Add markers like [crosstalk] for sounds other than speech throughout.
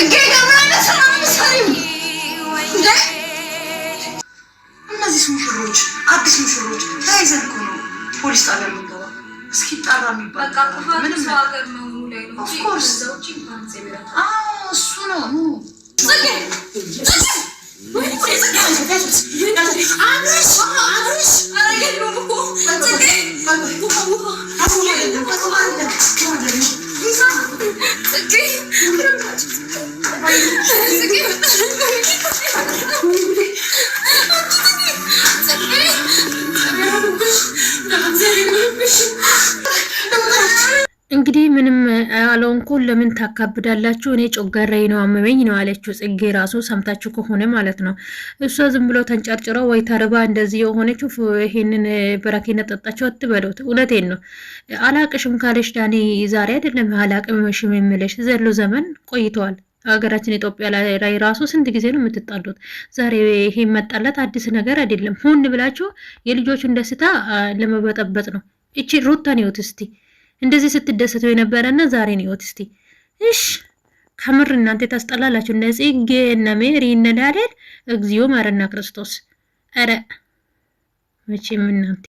ጽጌ ገብረ አይነት ስራ እነዚህ ሙሽሮች፣ አዲስ ሙሽሮች ተያይዘን እኮ ነው ፖሊስ ጣቢያ የምንገባ። እስኪ ጣራ እሱ ነው ጽጌ [laughs] ያለውን አልሆንኩም ለምን ታካብዳላችሁ? እኔ ጮጋራዬ ነው አመመኝ ነው አለችው። ጽጌ ራሱ ሰምታችሁ ከሆነ ማለት ነው። እሷ ዝም ብሎ ተንጨርጭረው ወይ ተርባ እንደዚህ የሆነችው ይሄንን በረኪ ነጠጣችሁ አትበሉት። እውነቴን ነው። አላቅሽም ካለሽ ዳኒ ዛሬ አይደለም አላቅምሽም የምልሽ ዘሎ ዘመን ቆይተዋል። ሀገራችን ኢትዮጵያ ላይ ራሱ ስንት ጊዜ ነው የምትጣሉት? ዛሬ ይሄ መጣላት አዲስ ነገር አይደለም። ሁን ብላችሁ የልጆቹን ደስታ ለመበጠበጥ ነው። እቺ ሩታን ይውት እስቲ እንደዚህ ስትደሰተው የነበረና ዛሬን ይወት እስቲ እሽ ከምር እናንተ ታስጠላላችሁ። እነ ጽጌ እነ ሜሪ እነ ዳንኤል እግዚኦ ማረና ክርስቶስ ረ መቼም እናንተ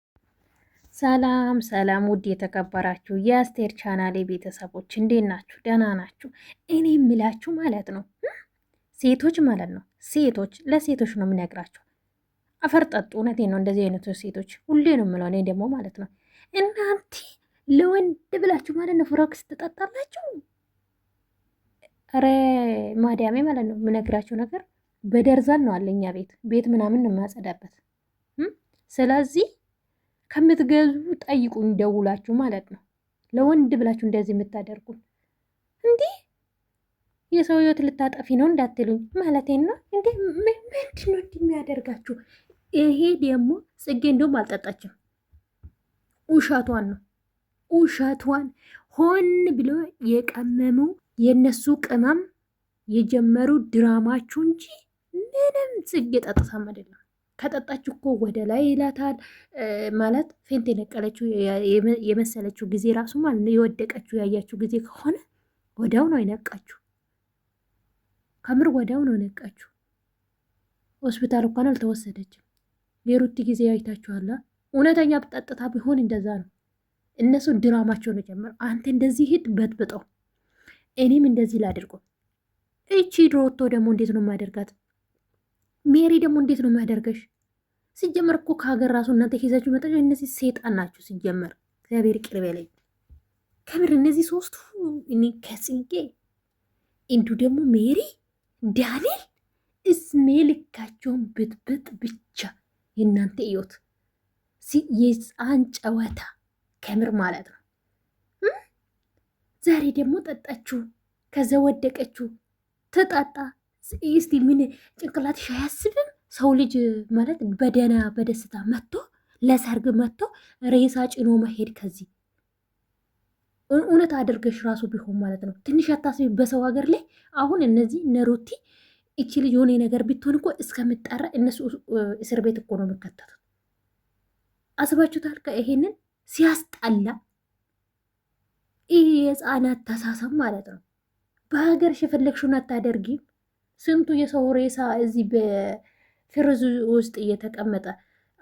ሰላም ሰላም፣ ውድ የተከበራችሁ የአስቴር ቻናሌ ቤተሰቦች እንዴት ናችሁ? ደህና ናችሁ? እኔ የምላችሁ ማለት ነው ሴቶች ማለት ነው ሴቶች ለሴቶች ነው የምነግራችሁ። አፈር ጠጡ። እውነቴን ነው። እንደዚህ አይነቱ ሴቶች ሁሌ ነው የምለው እኔ ደግሞ ማለት ነው እናንቴ ለወንድ ብላችሁ ማለት ነው ፍራክስ ትጠጣላችሁ። ኧረ ማዳሜ ማለት ነው የምነግራችሁ ነገር በደርዘን ነው አለ እኛ ቤት ቤት ምናምን የማጸዳበት። ስለዚህ ከምትገዙ ጠይቁኝ እንደውላችሁ ማለት ነው። ለወንድ ብላችሁ እንደዚህ የምታደርጉን እንዲህ የሰው ህይወት ልታጠፊ ነው እንዳትሉኝ ማለት ነው። እንዴ ምንድን ነው የሚያደርጋችሁ? ይሄ ደግሞ ጽጌ እንደውም አልጠጣችም፣ ውሻቷን ነው። ውሸቷን ሆን ብሎ የቀመሙ የእነሱ ቅመም የጀመሩ ድራማችሁ እንጂ ምንም ጽጌ ጠጥታም አይደለም። ከጠጣችሁ እኮ ወደ ላይ ይላታል ማለት ፌንት የነቀለችው የመሰለችው ጊዜ ራሱ ማለት ነው። የወደቀችው ያያችሁ ጊዜ ከሆነ ወዲያው ነው የነቃችሁ። ከምር ወዲያው ነው የነቃችሁ። ሆስፒታል እንኳን አልተወሰደችም። የሩቲ ጊዜ አይታችኋላ። እውነተኛ ጠጥታ ቢሆን እንደዛ ነው። እነሱ ድራማቸው ነው ጀመር። አንተ እንደዚህ ሂድ በጥብጠው፣ እኔም እንደዚህ ላድርጎ። እቺ ድሮቶ ደግሞ እንዴት ነው የማያደርጋት? ሜሪ ደግሞ እንዴት ነው የማያደርገሽ? ሲጀመር እኮ ከሀገር ራሱ እናንተ ሄዛችሁ መጠ እነዚህ ሴጣን ናቸው። ሲጀመር እግዚአብሔር ቅርብ ላይ ከምር እነዚህ ሶስቱ እኔ ከጽጌ እንዱ ደግሞ ሜሪ ዳንኤል እስሜ ልካቸውን ብጥብጥ ብቻ የእናንተ እዮት የፃን ጨወታ ከምር ማለት ነው። ዛሬ ደግሞ ጠጣችሁ፣ ከዛ ወደቀችሁ፣ ተጣጣ። እስቲ ምን ጭንቅላትሽ አያስብም? ሰው ልጅ ማለት በደህና በደስታ መጥቶ ለሰርግ መጥቶ ሬሳ ጭኖ መሄድ ከዚህ እውነት አድርገሽ ራሱ ቢሆን ማለት ነው። ትንሽ አታስቢ። በሰው ሀገር ላይ አሁን እነዚህ ነሮቲ እቺ ልጅ የሆነ ነገር ብትሆን እኮ እስከምጠራ እነሱ እስር ቤት እኮ ነው የሚከተቱት። አስባችሁታል? ይሄንን ሲያስጠላ ይህ የህፃናት ተሳሰብ ማለት ነው። በሀገርሽ የፈለግሽውን አታደርጊም። ስንቱ የሰው ሬሳ እዚህ በፍርዙ ውስጥ እየተቀመጠ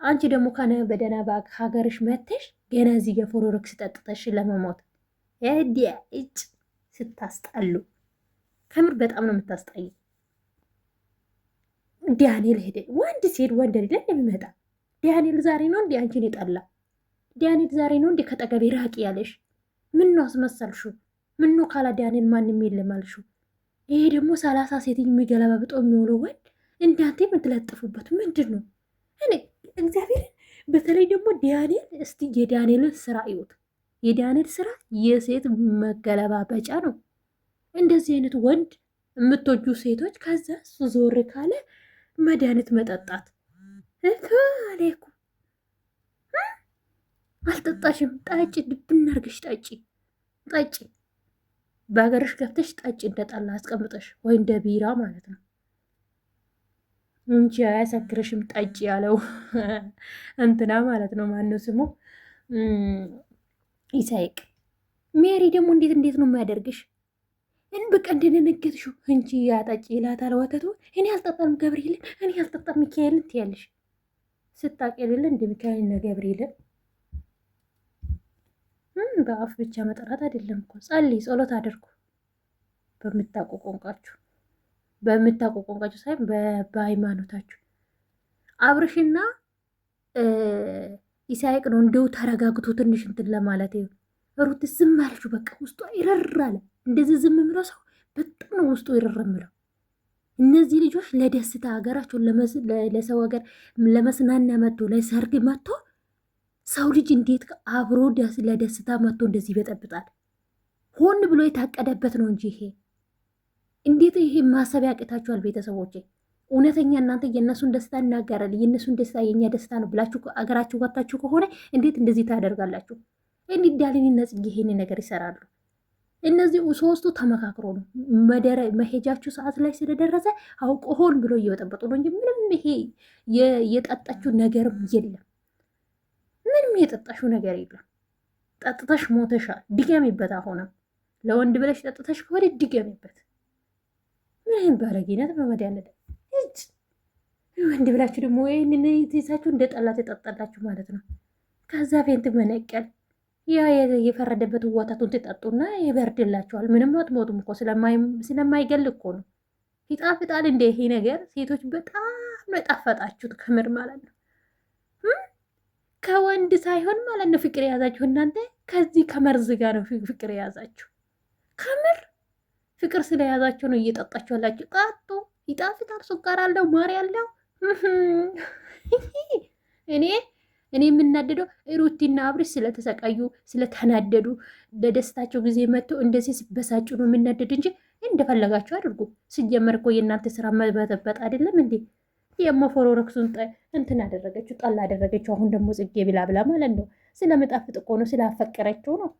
አንቺ ደግሞ ከነ በደህና ሀገርሽ መተሽ ገና እዚህ የፎሮሮክስ ጠጥተሽ ለመሞት ዲያ እጭ ስታስጣሉ ከምር በጣም ነው የምታስጣይ። ዳንኤል ሄደ ወንድ ሴት ወንድ ሌለ የሚመጣ ዳንኤል ዛሬ ነው እንዲ አንቺን ይጠላ። ዳንኤል ዛሬ ነው እንዴ ከጠገቤ ራቂ ያለሽ? ምን ነው አስመሰልሹ? ምን ነው ካላ ዳንኤል ማንም የለም አልሹ? ይሄ ደግሞ ሰላሳ ሴት የሚገለባብጦ የሚውለው ወንድ እንዳንተ የምትለጥፉበት ምንድን ነው? እኔ እግዚአብሔር በተለይ ደግሞ ዲያኔል እስቲ የዲያኔልን ስራ እዩት። የዲያኔል ስራ የሴት መገለባበጫ ነው። እንደዚህ አይነት ወንድ የምትወጁ ሴቶች ከዛ እሱ ዞር ካለ መድኃኒት መጠጣት እኔ እኮ አልጠጣሽም? ጣጭ፣ ድብን አድርገሽ ጣጭ ጣጭ። በሀገርሽ ገብተሽ ጣጭ፣ እንደጠላ አስቀምጠሽ ወይ እንደ ቢራ ማለት ነው እንጂ አያሰክርሽም። ጣጭ ያለው [laughs] እንትና ማለት ነው። ማነው ስሙ? ይሳይቅ። ሜሪ ደግሞ እንዴት እንዴት ነው የሚያደርግሽ? እን በቃ እንደነነገጥሽው እንጂ ያጣጭ ይላታል ወተቱ። እኔ አልጠጣም ገብርኤልን፣ እኔ አልጠጣም ሚካኤልን ትያለሽ። ስታቅ የሌለ እንደ ሚካኤልና ገብርኤልን በአፍ ብቻ መጠራት አይደለም እኮ ጸልይ፣ ጸሎት አድርጉ በምታውቁ ቋንቋችሁ በምታውቁ ቋንቋችሁ ሳይም በሃይማኖታችሁ። አብርሽና ኢሳይቅ ነው እንደው ተረጋግቶ ትንሽ እንትን ለማለት ይኸው ሩት ዝም አለችው። በቃ ውስጧ ይረር አለ። እንደዚህ ዝም የምለው ሰው በጣም ነው ውስጡ ይረር የምለው። እነዚህ ልጆች ለደስታ ሀገራቸውን ለሰው ሀገር ለመስናና መጥቶ ለሰርግ መጥቶ ሰው ልጅ እንዴት አብሮ ለደስታ መጥቶ እንደዚህ ይበጠብጣል? ሆን ብሎ የታቀደበት ነው እንጂ ይሄ እንዴት ይሄ ማሰብ ያቅታችኋል? ቤተሰቦች እውነተኛ እናንተ የእነሱን ደስታ እናጋራል፣ የእነሱን ደስታ የኛ ደስታ ነው ብላችሁ አገራችሁ ወታችሁ ከሆነ እንዴት እንደዚህ ታደርጋላችሁ? እንዲህ ዳሊኒና ይሄን ነገር ይሰራሉ። እነዚህ ሶስቱ ተመካክሮ ነው መሄጃችሁ ሰዓት ላይ ስለደረሰ አውቆ ሆን ብሎ እየበጠበጡ ነው እንጂ ምንም ይሄ የጠጣችሁ ነገርም የለም። ምንም የጠጣሽው ነገር የለም። ጠጥተሽ ሞተሻል። ድገሚበት። አሁንም ለወንድ ብለሽ ጠጥተሽ ከሆነ ድገሚበት። ምንም ባለጌነት በመድኃኒዓለም እጅ ወንድ ብላችሁ ደግሞ ይህንን ይዛችሁ እንደ ጠላት የጠጣላችሁ ማለት ነው። ከዛ ፌንት መነቀል ያ የፈረደበት ዋታቱን ትጠጡና ይበርድላችኋል። ምንም አትሞቱም እኮ ስለማይገል እኮ ነው። ይጣፍጣል እንደ ይሄ ነገር ሴቶች በጣም ነው የጣፈጣችሁት፣ ከምር ማለት ነው። ከወንድ ሳይሆን ማለት ነው ፍቅር የያዛችሁ እናንተ ከዚህ ከመርዝ ጋር ነው ፍቅር የያዛችሁ። ከምር ፍቅር ስለያዛችሁ ነው እየጠጣችሁ አላችሁ ቃጡ ይጣፍጣል፣ ሱጋር አለው፣ ማር ያለው [laughs] እኔ እኔ የምናደደው ሩቲና አብርሽ ስለተሰቃዩ ስለተናደዱ በደስታቸው ጊዜ መጥቶ እንደዚህ ሲበሳጩ ነው የምናደድ እንጂ እንደፈለጋቸው አድርጉ። ሲጀመር እኮ የእናንተ ስራ መበጠበጥ አይደለም እንዴ? የሞፎሮረክሱን እንትን አደረገችው፣ ጠላ አደረገችው። አሁን ደግሞ ጽጌ ብላ ብላ ማለት ነው። ስለመጣፍጥ እኮ ነው፣ ስላፈቀረችው ነው።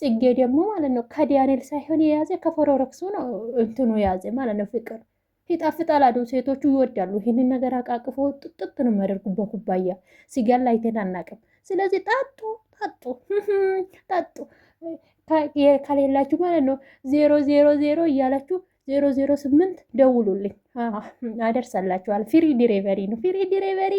ጽጌ ደግሞ ማለት ነው ከዲያኔል ሳይሆን የያዘ ከፎሮረክሱ ነው እንትኑ የያዘ ማለት ነው። ፍቅር ይጣፍጣል አሉ ሴቶቹ ይወዳሉ። ይህንን ነገር አቃቅፎ ጥጥት ነው የሚያደርጉ በኩባያ ሲጋላ አይተን አናቅም። ስለዚህ ጣጡ ጣጡ ጣጡ ከሌላችሁ ማለት ነው ዜሮ ዜሮ ዜሮ እያላችሁ ዜሮ ዜሮ ስምንት ደውሉልኝ አደርሳላችኋል። ፍሪ ዲሬቨሪ ነው። ፍሪ ዲሬቨሪ